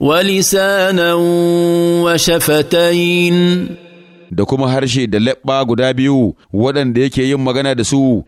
ولسانا وشفتين da kuma harshe da leɓɓa guda biyu waɗanda yake yin magana da su